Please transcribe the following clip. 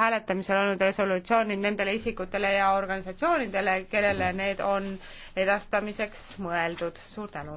hääletamisel olnud resolutsioonid nendele isikutele ja organisatsioonidele, kellele need on edastamiseks mõeldud. suur tänu!